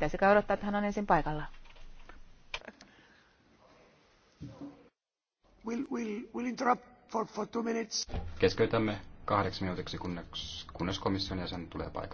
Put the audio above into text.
Pitäisikö odottaa, että hän on ensin paikalla? We'll, we'll, we'll interrupt for, for two minutes. Keskeytämme kahdeksi minuutiksi, kunnes, kunnes komission jäsen tulee paikalle.